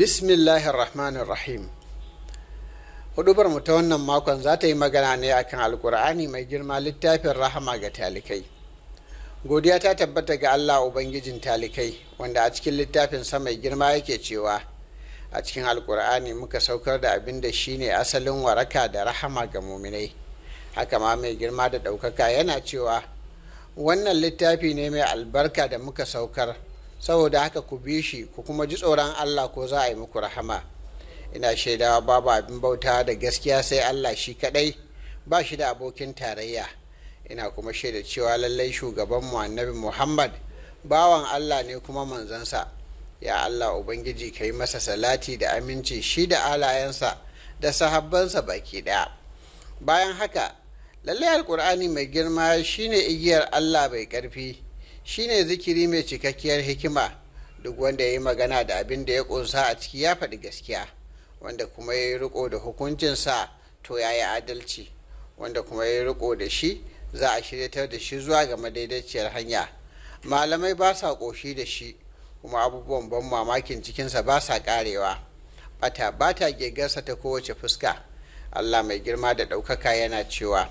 bismillahir rahmanir rahim hudubar mu ta wannan makon za ta yi magana ne akan alkur'ani mai girma littafin rahama ga talikai godiya ta tabbata ga allah ubangijin talikai wanda a cikin littafin sa mai girma yake cewa a cikin alkur'ani muka saukar da abin da shi ne asalin waraka da rahama ga muminai haka ma mai girma da ɗaukaka yana cewa wannan littafi ne mai albarka da muka saukar saboda haka ku bi shi ku kuma ji tsoron Allah ko za a yi muku rahama ina shaidawa babu abin bauta da gaskiya sai Allah shi kadai ba shi da abokin tarayya ina kuma shaida cewa lallai shugaban mu annabi Muhammad bawan Allah ne kuma manzansa ya Allah ubangiji ka yi masa salati da aminci shi da alayensa da sahabbansa baki daya bayan haka lallai alkur'ani mai girma shine igiyar Allah bai karfi shine zikiri mai cikakkiyar hikima duk wanda ya yi magana da abin da ya ƙunsa a ciki ya faɗi gaskiya wanda kuma ya yi riko da hukuncinsa to ya yi adalci wanda kuma ya yi riko da shi za a shiryatar da shi zuwa ga madaidaiciyar hanya malamai ba sa ƙoshi da shi kuma abubuwan ban mamakin cikinsa ba sa ƙarewa bata ba ta gegarsa ta kowace fuska allah mai girma da ɗaukaka yana cewa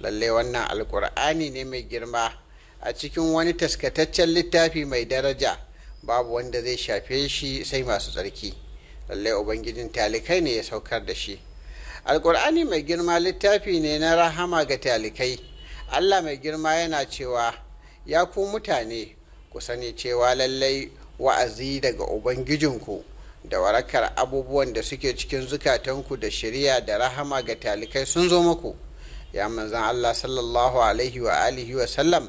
lallai wannan alƙur'ani ne mai girma a cikin wani taskataccen littafi mai daraja babu wanda zai shafe shi sai masu tsarki lallai ubangijin talikai ne ya saukar da shi alkur'ani mai girma littafi ne na rahama ga talikai allah mai girma yana cewa ya ku mutane ku sani cewa lallai wa'azi daga ubangijinku da warakar abubuwan da suke cikin zukatanku da shirya da rahama ga talikai sun zo muku ya manzan allah sallallahu alaihi wa alihi wa sallam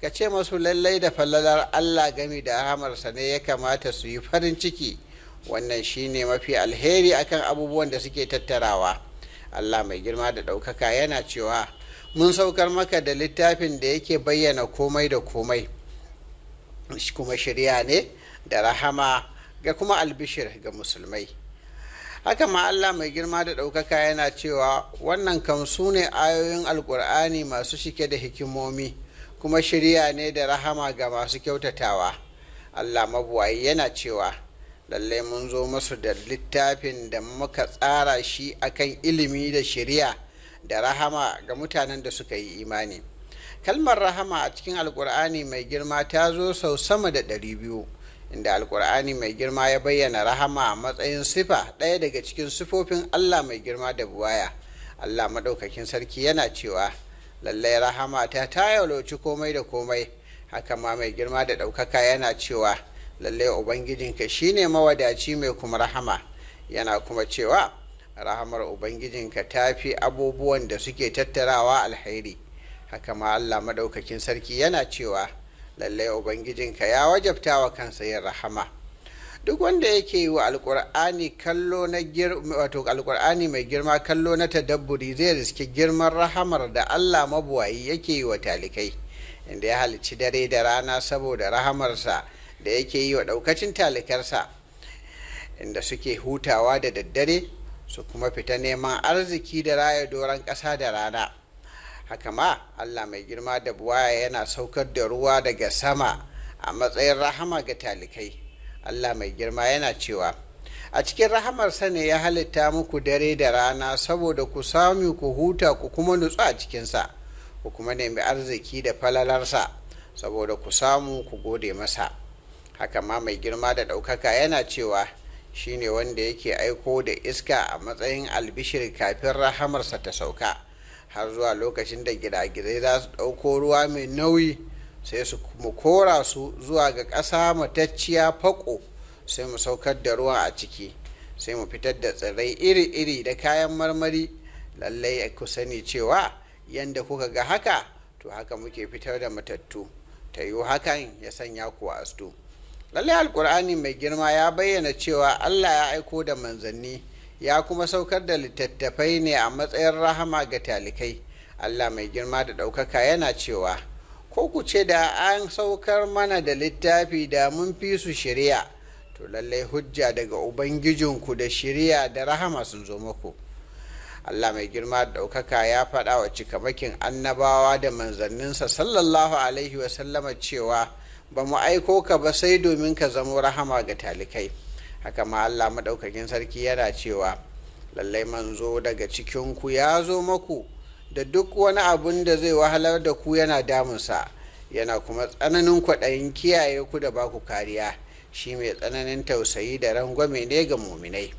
ka ce masu lallai da falalar Allah gami da rahamarsa ne ya kamata su yi farin ciki wannan shine mafi alheri akan abubuwan da suke tattarawa Allah mai girma da ɗaukaka yana cewa mun saukar maka da littafin da yake bayyana komai da komai kuma shirya ne da rahama ga kuma albishir ga musulmai haka ma Allah mai girma da ɗaukaka yana cewa wannan kamsu ne ayoyin alkur'ani masu shike da hikimomi kuma shirya ne da rahama ga masu kyautatawa allah mabuwayi yana cewa lallai mun zo masu da littafin da muka tsara shi akan ilimi da shirya da rahama ga mutanen da suka yi imani kalmar rahama a cikin alkur'ani mai girma ta zo sau sama da ɗari biyu inda alkur'ani mai girma ya bayyana rahama a matsayin sifa ɗaya daga cikin sifofin allah mai girma da buwaya allah maɗaukakin sarki yana cewa lallai rahama ta ta yalwaci komai da komai haka ma mai girma da ɗaukaka yana cewa lallai ubangijinka shine mawadaci mai kuma rahama yana kuma cewa rahamar ubangijinka ta fi abubuwan da suke tattarawa alheri. haka ma allah madaukakin sarki yana cewa lallai ubangijinka ya wajabta wa kansa yin rahama duk wanda yake yi wa alkur'ani kallo na wato alkur'ani mai girma kallo na tadabburi zai riske girman rahamar da allah mabuwayi yake yi wa talikai inda ya halici dare da rana saboda rahamarsa da yake yi wa daukacin talikarsa inda suke hutawa da daddare su kuma fita neman arziki da raya doron ƙasa da rana haka ma allah mai girma da buwaya yana saukar da ruwa daga sama a matsayin rahama ga talikai Allah mai girma yana cewa a cikin rahamarsa ne ya halitta muku dare da rana saboda ku sami ku huta ku kuma nutsu a cikinsa ku kuma nemi arziki da falalarsa saboda ku samu ku gode masa haka ma mai girma da ɗaukaka yana cewa shi ne wanda yake aiko da iska a matsayin albishir kafin rahamarsa ta sauka har zuwa lokacin da gidagidai za su ɗauko ruwa mai nauyi sai su mu kora su zuwa ga ƙasa matacciya fako sai mu saukar da ruwa a ciki sai mu fitar da tsirrai iri-iri da kayan marmari lallai ku sani cewa yadda kuka ga haka to haka muke fitar da matattu ta yi hakan ya sanya ku a astu lallai alkur'ani mai girma ya bayyana cewa allah ya aiko da manzanni ya kuma saukar da littattafai ne a matsayin rahama ga talikai allah mai girma da ɗaukaka yana cewa ko ku ce da an saukar mana da littafi da mun fi su shirya to lallai hujja daga ubangijinku da shirya da rahama sun zo muku allah mai girma ɗaukaka ya faɗa wa cikamakin annabawa da manzanninsa sallallahu alaihi wasallama cewa ba mu aiko ka ba sai domin ka zamo rahama ga talikai haka ma allah maɗaukakin sarki yana cewa lallai manzo daga cikinku ya zo maku da duk wani abun da zai wahalar da ku yana damunsa yana kuma tsananin kwaɗayin kiyaye ku da baku kariya shi mai tsananin tausayi da rangwame ne ga muminai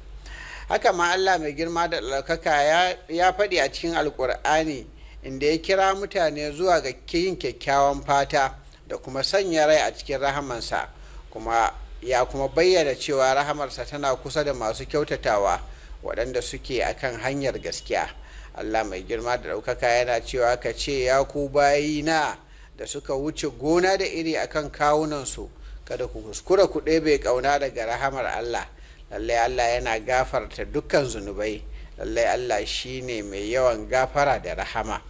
haka ma allah mai girma da ɗaukaka ya faɗi a cikin alkur'ani inda ya kira mutane zuwa ga yin kyakkyawan fata da kuma sanya rai a cikin rahamansa kuma ya kuma bayyana cewa rahamarsa tana kusa da masu kyautatawa waɗanda suke akan hanyar gaskiya allah mai girma da ɗaukaka yana cewa ka ce ya ku bayina da suka wuce gona da iri akan kawunansu kada ku kuskura ku ɗebe ƙauna daga rahamar allah lallai allah yana gafarta dukkan zunubai lallai allah shi ne mai yawan gafara da rahama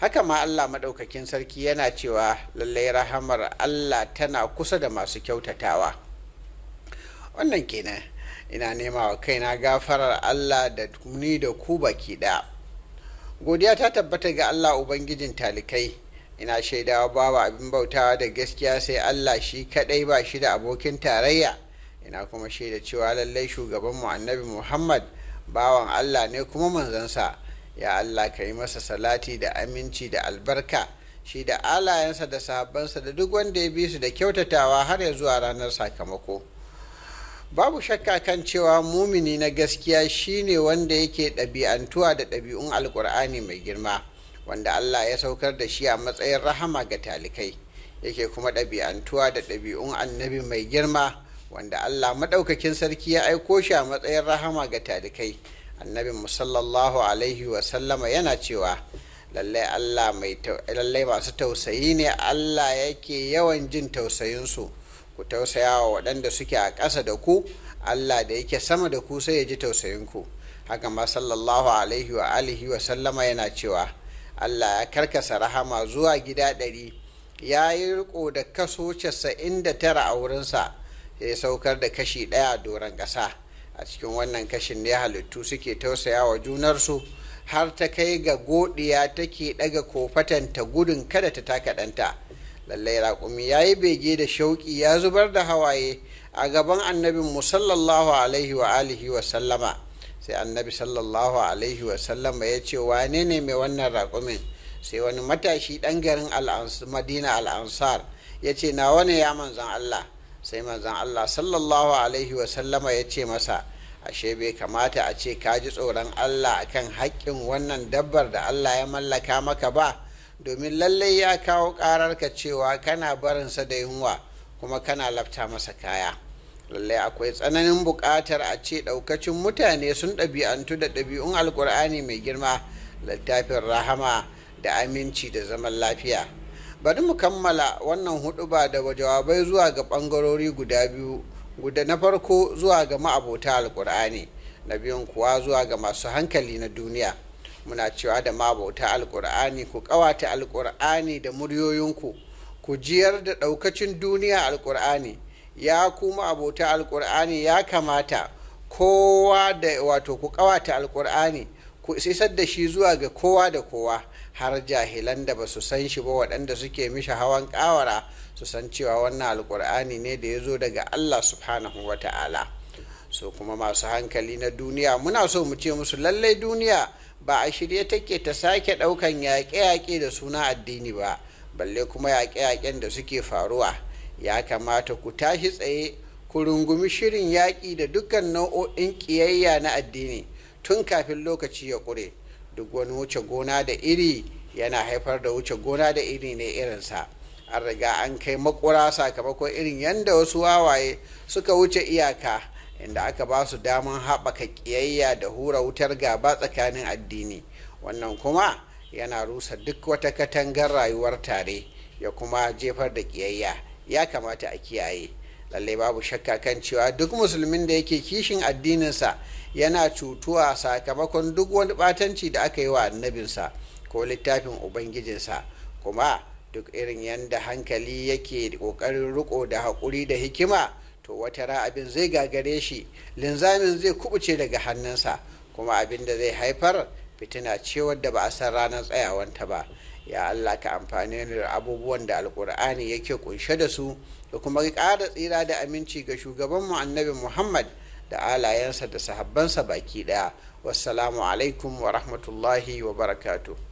haka ma allah maɗaukakin sarki yana cewa lallai rahamar allah tana kusa da masu kyautatawa wannan kenan ina nema wa kaina gafarar allah da ni da ku baki ɗaya godiya ta tabbata ga allah ubangijin talikai ina shaidawa babu abin bautawa da gaskiya sai allah shi kaɗai ba shi da abokin tarayya ina kuma shaida cewa lallai shugabanmu annabi muhammad bawan allah ne kuma manzansa ya allah ka yi masa salati da aminci da albarka shi da alayensa da sahabbansa da duk wanda ya bi su da kyautatawa har ya zuwa ranar sakamako babu shakka kan cewa mumini na gaskiya shine wanda yake ɗabi'antuwa da ɗabi'un alkur'ani mai girma wanda allah ya saukar da shi a matsayin rahama ga talikai yake kuma ɗabi'antuwa da ɗabi'un annabi mai girma wanda allah maɗaukakin sarki ya aiko shi a matsayin rahama ga talikai annabin musallallahu alaihi wasallama yana cewa lallai lallai masu tausayi ne allah yake yawan jin tausayinsu ku tausaya wa waɗanda suke a ƙasa da ku allah da yake sama da ku sai ya ji tausayinku haka ma sallallahu alaihi wa alihi wa sallama yana cewa allah ya karkasa rahama zuwa gida ɗari ya yi riko da kaso casa'in da tara a wurinsa ya saukar da kashi ɗaya a doron ƙasa a cikin wannan kashin ne halittu suke tausaya wa junarsu har ta kai ga godiya take ɗaga kofatanta gudun kada ta taka ɗanta lallai raƙumi ya yi bege da shauƙi ya zubar da hawaye a gaban annabin mu sallallahu alaihi wa alihi wa sallama sai annabi sallallahu alaihi wa sallama ya ce wane ne mai wannan raƙumin sai wani matashi ɗan garin madina al'ansar ya ce na wani ya manzan allah sai manzan allah sallallahu alaihi wa sallama ya ce masa ashe bai kamata a ce ka ji tsoron allah akan haƙƙin wannan dabbar da allah ya mallaka maka ba domin lallai ya kawo ƙararka cewa kana barinsa da yunwa kuma kana lafta masa kaya lallai akwai tsananin buƙatar a ce ɗaukacin mutane sun ɗabi'antu da ɗabi'un alkur'ani mai girma littafin rahama da aminci da zaman lafiya bari mu kammala wannan huɗuba da jawabai zuwa ga ɓangarori guda biyu guda na farko zuwa ga ma'abota alkur'ani na biyun kuwa zuwa ga masu hankali na duniya muna cewa da mabauta alkur'ani ku kawata alkur'ani da muryoyinku ku jiyar da daukacin duniya alkur'ani ya kuma abota alkur'ani ya kamata kowa da wato ku kawata alkur'ani ku isar da shi zuwa ga kowa da kowa har jahilan da ba su san shi ba waɗanda suke mishi hawan kawara su san cewa wannan alkur'ani ne da ya zo daga allah subhanahu wa ta'ala so kuma masu hankali na duniya muna so mu ce musu lallai duniya ba a shirye take ta sake ɗaukan yaƙe-yaƙe da suna addini ba balle kuma yaƙe-yaƙen da suke faruwa ya kamata ku tashi tsaye ku rungumi shirin yaƙi da dukkan nau'o'in ƙiyayya na addini tun kafin lokaci ya ƙure duk wani wuce gona da iri yana haifar da wuce gona da iri ne irinsa an riga an kai makura sakamakon irin yadda wasu wawaye suka wuce iyaka inda aka ba su damar haɓaka ƙiyayya da hura wutar gaba tsakanin addini wannan kuma yana rusa duk wata katangar rayuwar tare ya kuma jefar da ƙiyayya ya kamata a kiyaye lallai babu shakka kan cewa duk musulmin da yake kishin addininsa yana cutuwa sakamakon duk wani ɓatanci da aka yi wa annabinsa ko littafin ubangijinsa kuma duk irin yadda hankali yake ƙoƙarin riko da haƙuri da hikima to wata ra abin zai gagare shi linzamin zai kubuce daga hannunsa kuma abin da zai haifar fitina ce wadda ba a san ranar tsayawanta ba ya allah ka amfani da abubuwan da alkur'ani yake kunshe da su da kuma ƙara tsira da aminci ga shugabanmu annabi muhammad da alayensa da sahabbansa baki daya wassalamu alaikum wa rahmatullahi wa barakatuh